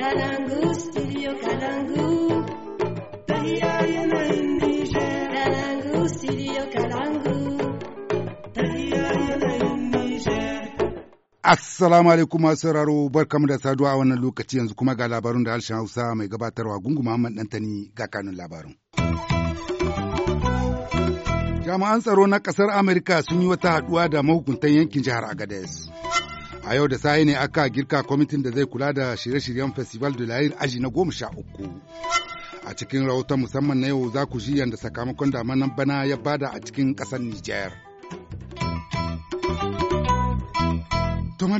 Kalangu, studio Kalangu. Kalangu, studio Kalangu. Assalamu alaikum masu sauraro barkamu da saduwa a wannan lokaci yanzu kuma ga labarun da harshen Hausa mai gabatarwa Gungu Muhammad Dantani ga kanun labarun. Jami'an tsaro na ƙasar Amurka sun yi wata haɗuwa da mahukuntan yankin jihar Agadez. a yau da sahi ne aka girka kwamitin da zai kula da shirye-shiryen festival de lair aji na goma sha uku a cikin rahoton musamman na yau za ku ji yadda sakamakon damanan bana ya bada a cikin ƙasar nijar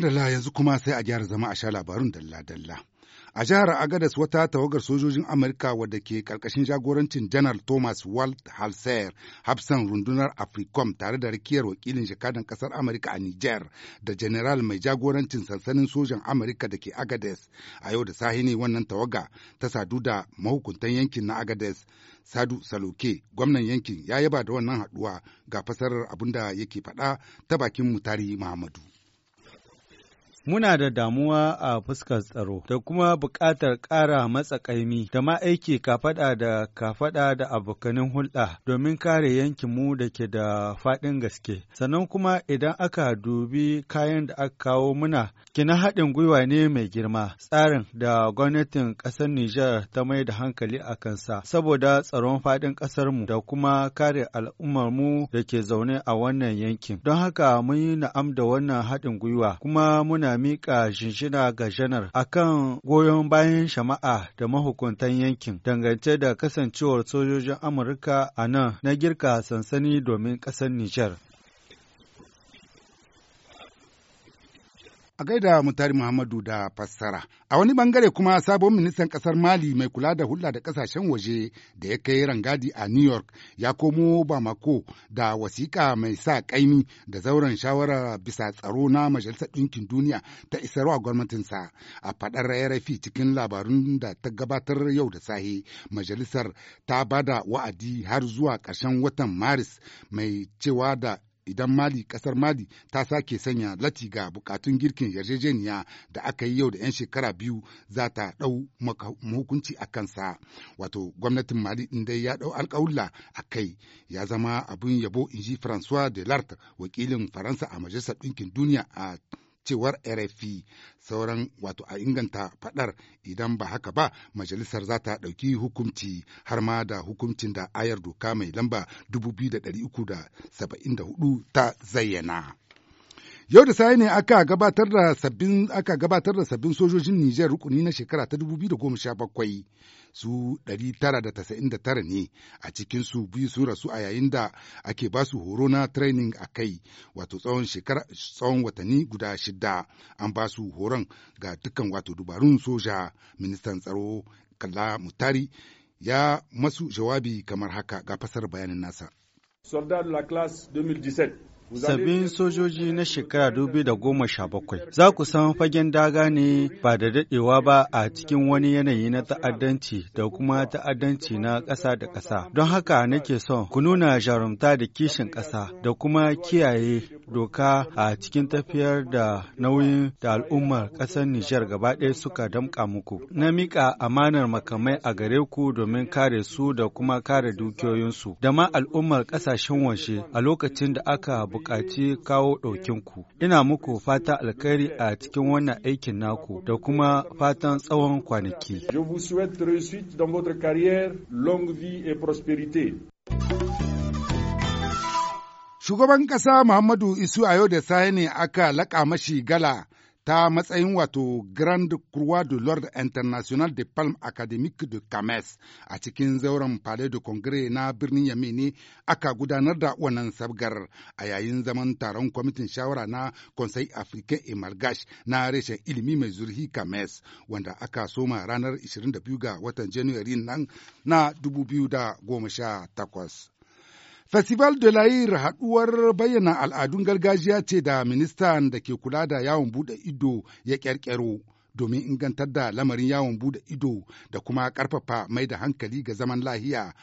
da la yanzu kuma sai a gyara zama a sha labarun dalla-dalla A jihar Agadas wata tawagar sojojin Amurka wadda ke karkashin jagorancin Janar Thomas Walt Halser, hafsan rundunar Africom tare da rakiyar wakilin jakadan ƙasar Amurka a Niger da General mai jagorancin sansanin sojan Amurka da ke Agades. A yau da sahi ne wannan tawaga ta sadu da mahukuntan yankin na Agades. Sadu Saloke, gwamnan yankin ya yaba da wannan haɗuwa ga fasarar abin da yake faɗa ta bakin Mutari Muhammadu. Muna da damuwa a fuskar tsaro da kuma buƙatar ƙara matsa ƙa'imi da ma aiki kafaɗa da kafaɗa da abokanin hulɗa domin kare yankinmu da ke da faɗin gaske. Sannan kuma idan aka dubi kayan da aka kawo muna, kina haɗin gwiwa ne mai girma tsarin da gwamnatin ƙasar Nijar ta mai da hankali a kansa saboda tsaron faɗin ƙasarmu da kuma kare al'ummar mu da ke zaune a wannan yankin. Don haka mun yi na'am da wannan haɗin gwiwa kuma muna miƙa shinshina ga janar a kan goyon bayan shama'a da mahukuntan yankin dangance da kasancewar sojojin Amurka a nan na girka sansani domin ƙasar Nijar. A gaida Mutari Muhammadu da fassara. A wani bangare kuma sabon ministan kasar Mali mai kula da hulɗa da kasashen waje da ya kai rangadi a New York ya komo Bamako da wasiƙa mai sa ƙaimi da zauren shawara bisa tsaro na Majalisar Ɗinkin Duniya ta isarwa gwamnatinsa a faɗar RFI cikin labarun da ta gabatar yau da sahi Majalisar ta bada wa'adi har zuwa ƙarshen watan Maris mai cewa da idan Mali kasar Mali ta sake sanya lati ga bukatun girkin yarjejeniya da aka yi yau da 'yan shekara biyu za ta ɗau hukunci a kansa. Wato gwamnatin Mali ɗin dai ya ɗau alƙawulla a kai ya zama abin yabo inji ji François Delarte wakilin Faransa a Majalisar Ɗinkin Duniya a cewar RFI sauran wato a inganta fadar idan ba haka ba majalisar za ta ɗauki hukunci har ma da hukuncin da ayar doka mai lamba 2374 ta zayyana. Yau da sai ne aka gabatar da sabbin aka gabatar da sabbin sojojin Nijar rukuni na shekara ta 2017 su 999 ne a cikin su biyu sun rasu a yayin da ake ba su horo na training a kai wato tsawon shekara tsawon watanni guda shida an ba su horon ga dukkan wato dubarun soja ministan tsaro Kalla Mutari ya masu jawabi kamar haka ga fasar bayanin nasa. Soldat de la classe 2017 sabbin sojoji na shekara goma sha bakwai Za ku san fagen daga ne ba da daɗewa ba a cikin wani yanayi na ta'addanci da kuma ta'addanci na ƙasa da ƙasa. Don haka nake son ku nuna jarumta da kishin ƙasa da kuma kiyaye doka a cikin tafiyar da nauyin da al'ummar ƙasar Nijar gaba ɗaya suka damƙa muku. Na miƙa amanar makamai a gare ku domin kare su da kuma kare dukiyoyinsu da ma al'ummar ƙasashen waje a lokacin da aka buga. buƙaci kawo ɗaukinku. Ina muku fata alkhairi a cikin wannan aikin naku da kuma fatan tsawon kwanaki. Shugaban ƙasa Muhammadu Isu a yau da saye ne aka laƙa mashi gala ta matsayin wato Grand Croix de l'Ordre International de Palm académique de Kames a cikin zauren Palais de Congrès na birnin Yame ne aka gudanar da wannan sabgar a yayin zaman taron kwamitin shawara na Conseil Africain et Malgache na reshen ilimi mai zurhi Kames wanda aka soma ranar 22 ga watan Janairu nan na 2018. Festival de l'Air haɗuwar bayyana al'adun gargajiya ce da ministan da ke kula da yawon buɗe ido ya ƙyarƙyaro domin ingantar da lamarin yawon buɗe ido da kuma ƙarfafa mai da hankali ga zaman lahiya.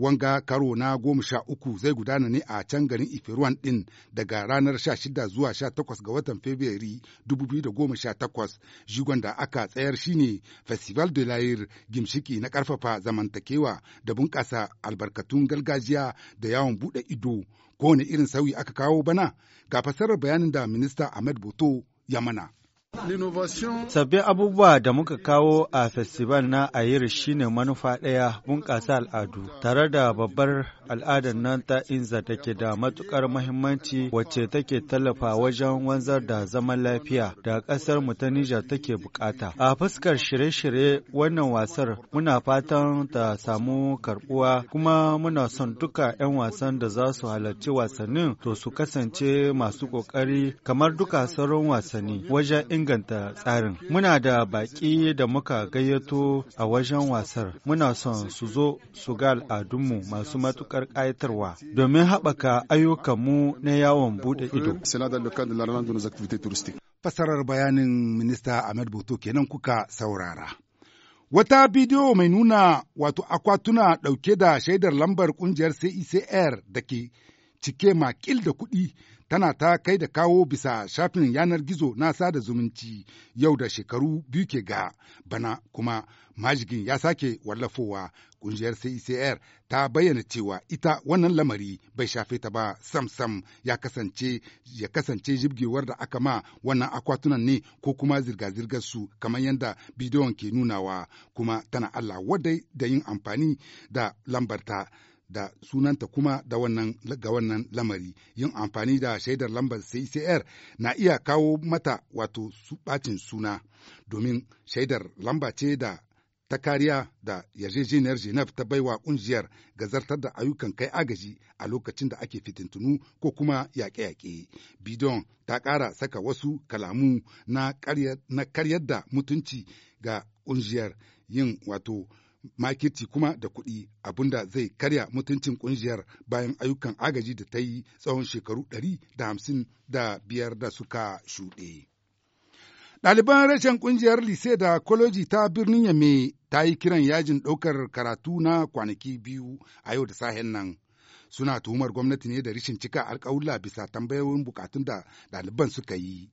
Wanga karo na goma sha uku zai gudana ne a can garin Ifiruwan ɗin daga ranar sha shida zuwa sha takwas ga watan Fabrairu dubu biyu da goma sha takwas. Jigon da aka tsayar shine Festival de Lair gimshiki na ƙarfafa zamantakewa da bunƙasa albarkatun gargajiya da yawon buɗe ido. Kowane irin sauyi aka kawo bana ga fasarar bayanin da Minista Ahmed Boto ya mana. Sabbin abubuwa da muka kawo a festival na Ayir shine manufa ɗaya bunƙasa al'adu tare da babbar al'adar nan ta Inza da ke da matuƙar mahimmanci wacce take tallafa wajen wanzar da zaman lafiya da ƙasar mu ta Nijar take bukata. A fuskar shirye-shirye wannan wasar muna fatan ta samu karbuwa kuma muna son duka 'yan wasan da za su halarci wasannin to su kasance masu ƙoƙari kamar duka sauran wasanni wajen inganta tsarin. Muna da baƙi da muka gayyato a wajen wasar. Muna son su zo su ga al'adunmu masu matukar ƙayatarwa domin haɓaka ayyukanmu na yawon buɗe ido. Fasarar bayanin Minista Ahmed Boto kenan kuka saurara. Wata bidiyo mai nuna wato akwatuna ɗauke da shaidar lambar ƙungiyar CICR e da ke cike makil da kuɗi tana ta kai da kawo bisa shafin yanar gizo na sada zumunci yau da shekaru biyu ke ga bana kuma majigin ya sake wallafowa kungiyar CICR e ta bayyana cewa ita wannan lamari bai shafe ta ba sam-sam ya kasance ya kasance jibgewar da aka ma wannan akwatunan ne ko kuma zirga-zirgar su kamar yadda bidiyon ke nunawa kuma tana Allah wadai da yin amfani da lambarta da sunanta kuma da wannan ga wannan lamari yin amfani da shaidar lambar CCR na iya kawo mata wato bacin suna domin shaidar lamba ce da ta kariya da yarjejeniyar Genève ta baiwa kungiyar ga zartar da ayyukan kai agaji a lokacin da ake fitintunu ko kuma yaƙe-yaƙe. Bidon ta ƙara saka wasu kalamu na karyar da mutunci ga kungiyar yin wato makirci kuma da kuɗi abinda zai karya mutuncin ƙungiyar bayan ayyukan agaji da ta yi tsawon shekaru ɗari da hamsin da biyar da suka shuɗe. Ɗaliban rashin ƙungiyar lise da Koloji ta birnin Yame ta yi kiran yajin ɗaukar karatu na kwanaki biyu a yau da sahen nan. Suna tuhumar gwamnati ne da rishin cika alƙawulla bisa tambayoyin bukatun da ɗaliban suka yi.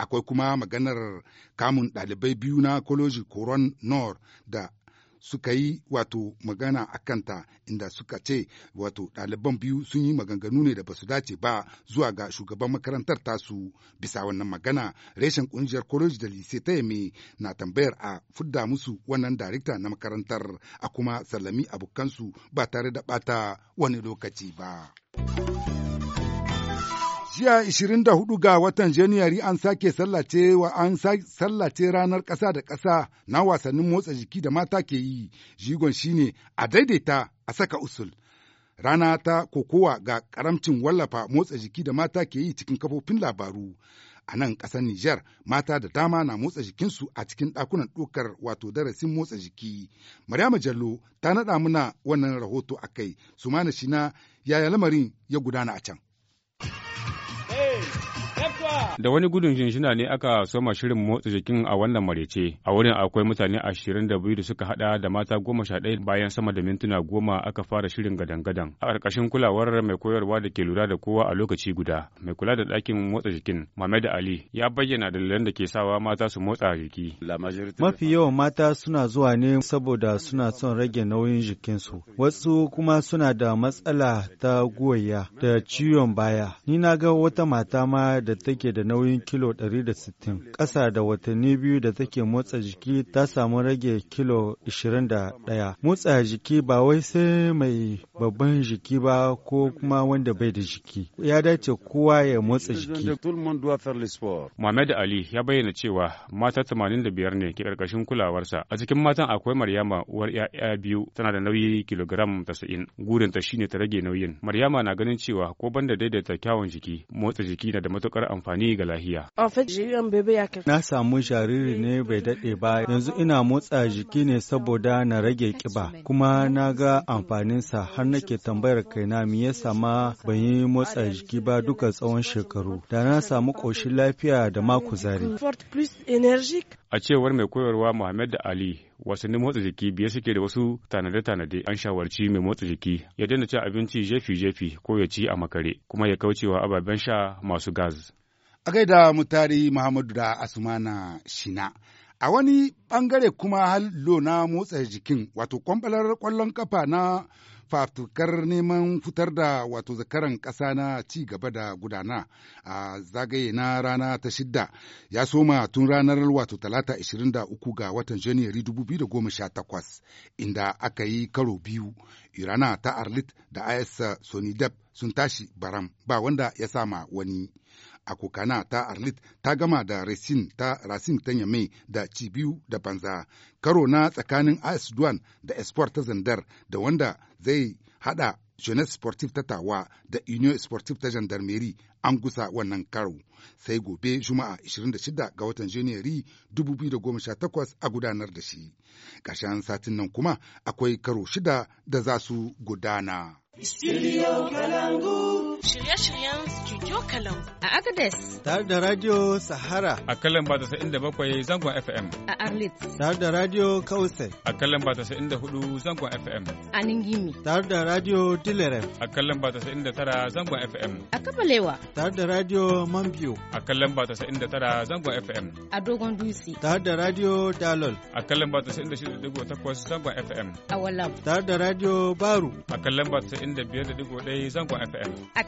akwai kuma maganar kamun ɗalibai biyu na koloji koron nor da suka yi wato magana a kanta inda suka ce wato ɗaliban biyu sun yi maganganu ne da ba su dace ba zuwa ga shugaban makarantar tasu bisa wannan magana reshen ƙungiyar college da lise ta yame na tambayar a fudda musu wannan darikta na makarantar a kuma sallami abokansu ba tare da ɓata wani lokaci ba. Jiya 24 ga watan Janairu an sake sallace wa an sallace ranar kasa da kasa na wasannin motsa jiki da mata ke yi, jigon shine a daidaita a saka usul. Rana ta kokowa ga karamcin wallafa motsa jiki da mata ke yi cikin kafofin labaru. A nan ƙasar Nijar, mata da dama na motsa jikinsu a cikin ɗakunan ɗaukar wato darasin motsa jiki. Maryama Jallo ta naɗa muna wannan rahoto a kai, Sumana Shina yaya lamarin ya gudana a can. Da wani gudun shinshina ne aka soma shirin motsa jikin a wannan marece. A wurin akwai mutane ashirin da biyu da suka hada da mata goma sha ɗaya bayan sama da mintuna goma aka fara shirin gadan-gadan. A ƙarƙashin kulawar mai koyarwa da ke lura da kowa a lokaci guda, mai kula da ɗakin motsa jikin, Mohamed Ali, ya bayyana dalilan da ke sawa mata su motsa jiki. Mafi yawan mata suna zuwa ne saboda suna son rage nauyin jikin su Wasu kuma suna da matsala ta goya da ciwon baya. Ni na ga wata mata ma da take da nauyin kilo 160 ƙasa da watanni biyu da take motsa jiki ta samu rage kilo 21 motsa jiki ba wai sai mai babban jiki ba ko kuma wanda bai da jiki ya dace kowa ya motsa jiki Muhammad Ali ya bayyana cewa mata 85 ne ke ƙarƙashin kulawarsa a cikin matan akwai Maryama uwar 'ya'ya biyu tana da nauyi kilogram 90 gurinta shine ta rage nauyin Maryama na ganin cewa ko banda daidaita kyawun jiki motsa jiki na da matukar amfani ga lahiya. Na samu jariri ne bai daɗe ba yanzu ina motsa jiki ne saboda na rage ƙiba kuma na ga amfaninsa har nake tambayar kaina me yasa ma ban yi motsa jiki ba duka tsawon shekaru da na samu ƙoshin lafiya da ma kuzari. A cewar mai koyarwa Muhammad Ali wasannin motsa jiki biye suke da wasu tanade-tanade an shawarci mai motsa jiki ya daina cin abinci jefi-jefi ko ya ci a makare kuma ya kaucewa ababen sha masu gaz. A gaida mutari Muhammadu da Asumana Shina. A wani ɓangare kuma hallo na motsa jikin wato kwambalar kwallon kafa na fafutukar neman fitar da wato zakaran ƙasa na ci gaba da gudana a zagaye na rana ta shidda ya soma tun ranar wato talata 23 ga watan janairu 2018 inda aka yi karo biyu irana ta arlit da is sonidep sun tashi baram ba wanda ya sama wani a akokana ta arlit ta gama da racine ta racine ta yame da cibiyu da banza karo na tsakanin as da esport ta zandar da wanda zai haɗa jeunesse sportive ta tawa da union sportive ta gendarmerie an gusa wannan karo sai gobe juma'a 26 ga watan janairu 2018 a gudanar da shi ƙarshen satin nan kuma akwai karo shida da za su gudana. Studio Kalangu. shirye-shiryen Studio Kalam a Agadez. Tare da Radio Sahara. A kalan ba ta bakwai zangon FM. A Arlit. Tare da Radio Kausai. A kalan ba ta hudu zangon FM. A Ningimi. Tare da Radio Dilerem. A kalan ba ta tara zangon FM. A Kabalewa. Tare da Radio Mambiyo. A kalan ba ta tara zangon FM. A Dogon Dutse. Tare da Radio Dalol. A kalan ba ta takwas zangon FM. A Walam. Tare da Radio Baru. A kalan ba ta zangon FM.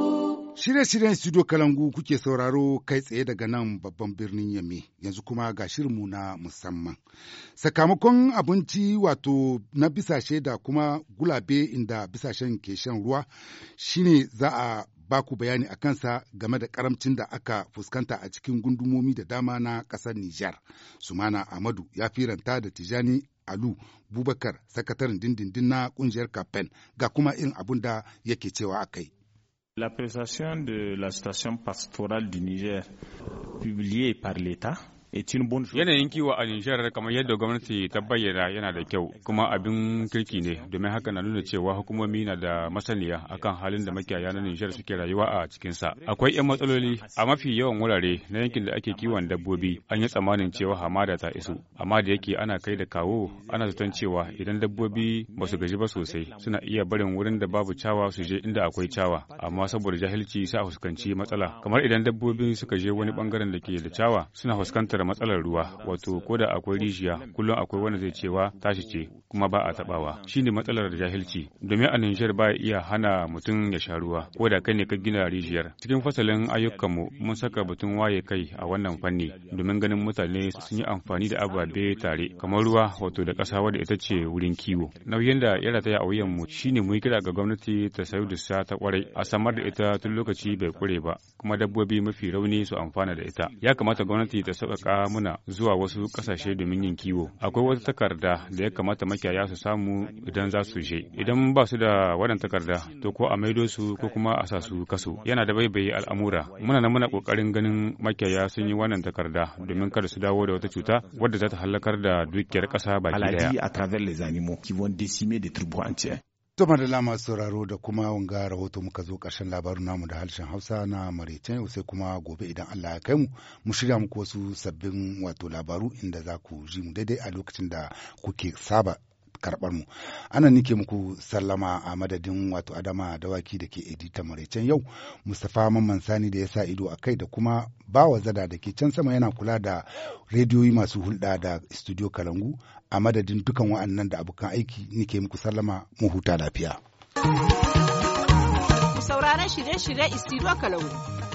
Shirye-shiryen studio Kalangu kuke sauraro kai tsaye daga nan babban birnin Yame, yanzu kuma ga shirinmu na musamman. Sakamakon abinci wato na bisashe da kuma gulabe inda bisashen ke shan ruwa shine za a ba ku bayani a kansa game da karamcin da aka fuskanta a cikin gundumomi da dama na ƙasar Nijar. Sumana Amadu ya firanta da Tijani Alu Bubakar, sakataren dindindin na ƙungiyar Kafen, ga kuma irin abun da yake cewa a kai. L'appréciation de la situation pastorale du Niger publiée par l'État Yanayin kiwo a Nijar kamar yadda gwamnati ta bayyana yana da kyau kuma abin kirki ne domin haka na nuna cewa hukumomi na da masaniya akan halin da makiyaya na Nijar suke rayuwa a cikinsa. Akwai 'yan matsaloli a mafi yawan wurare na yankin da ake kiwon dabbobi an yi tsammanin cewa hamada ta isu amma da yake ana kai da kawo ana zaton cewa idan dabbobi ba su gaji ba sosai suna iya barin wurin da babu cawa su je inda akwai cawa amma saboda jahilci sa fuskanci matsala kamar idan dabbobi suka je wani bangaren da ke da cawa suna fuskantar da matsalar ruwa wato ko da akwai rijiya kullum akwai wanda zai cewa tashi ce kuma ba a tabawa shine matsalar da jahilci domin a Niger ba iya hana mutum ya sha ruwa ko da kai ne ka gina rijiyar cikin fasalin ayyukanmu mun saka batun waye kai a wannan fanni domin ganin mutane sun yi amfani da ababe tare kamar ruwa wato da ƙasa wadda ita ce wurin kiwo nauyin da ya rataya a wuyanmu shine mu yi kira ga gwamnati ta sayo dussa ta kwarai a samar da ita tun lokaci bai kure ba kuma dabbobi mafi rauni su amfana da ita ya kamata gwamnati ta sauƙaƙa sauƙaƙa muna zuwa wasu ƙasashe domin yin kiwo. Akwai wata takarda da ya kamata makiyaya su samu idan za su je. Idan ba su da wannan takarda, to ko a maido su ko kuma a sa su kaso. Yana da baibaye al'amura. Muna nan muna ƙoƙarin ganin makiyaya sun yi wannan takarda domin kada su dawo da wata cuta wadda za ta halakar da dukiyar ƙasa baki daya. ma da masu sauraro da kuma wanga rahoto muka zo karshen labarin namu da harshen Hausa na Maritain yau sai kuma gobe idan Allah ya kai mu mu shirya muku wasu sabbin wato labaru inda za ku ji mu daidai a lokacin da kuke saba karɓar mu ana nike muku sallama a madadin wato adama dawaki da ke edita maraicen yau mustapha mamman sani da ya sa ido a kai da kuma bawa zada da ke can sama yana kula da rediyoyi masu hulɗa da studio kalangu a madadin dukan wa'annan da abokan aiki nike muku sallama mu huta lafiya. Sauraron shirye-shirye Istiro Kalangu.